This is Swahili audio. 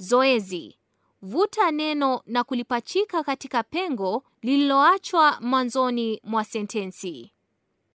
Zoezi: vuta neno na kulipachika katika pengo lililoachwa mwanzoni mwa sentensi.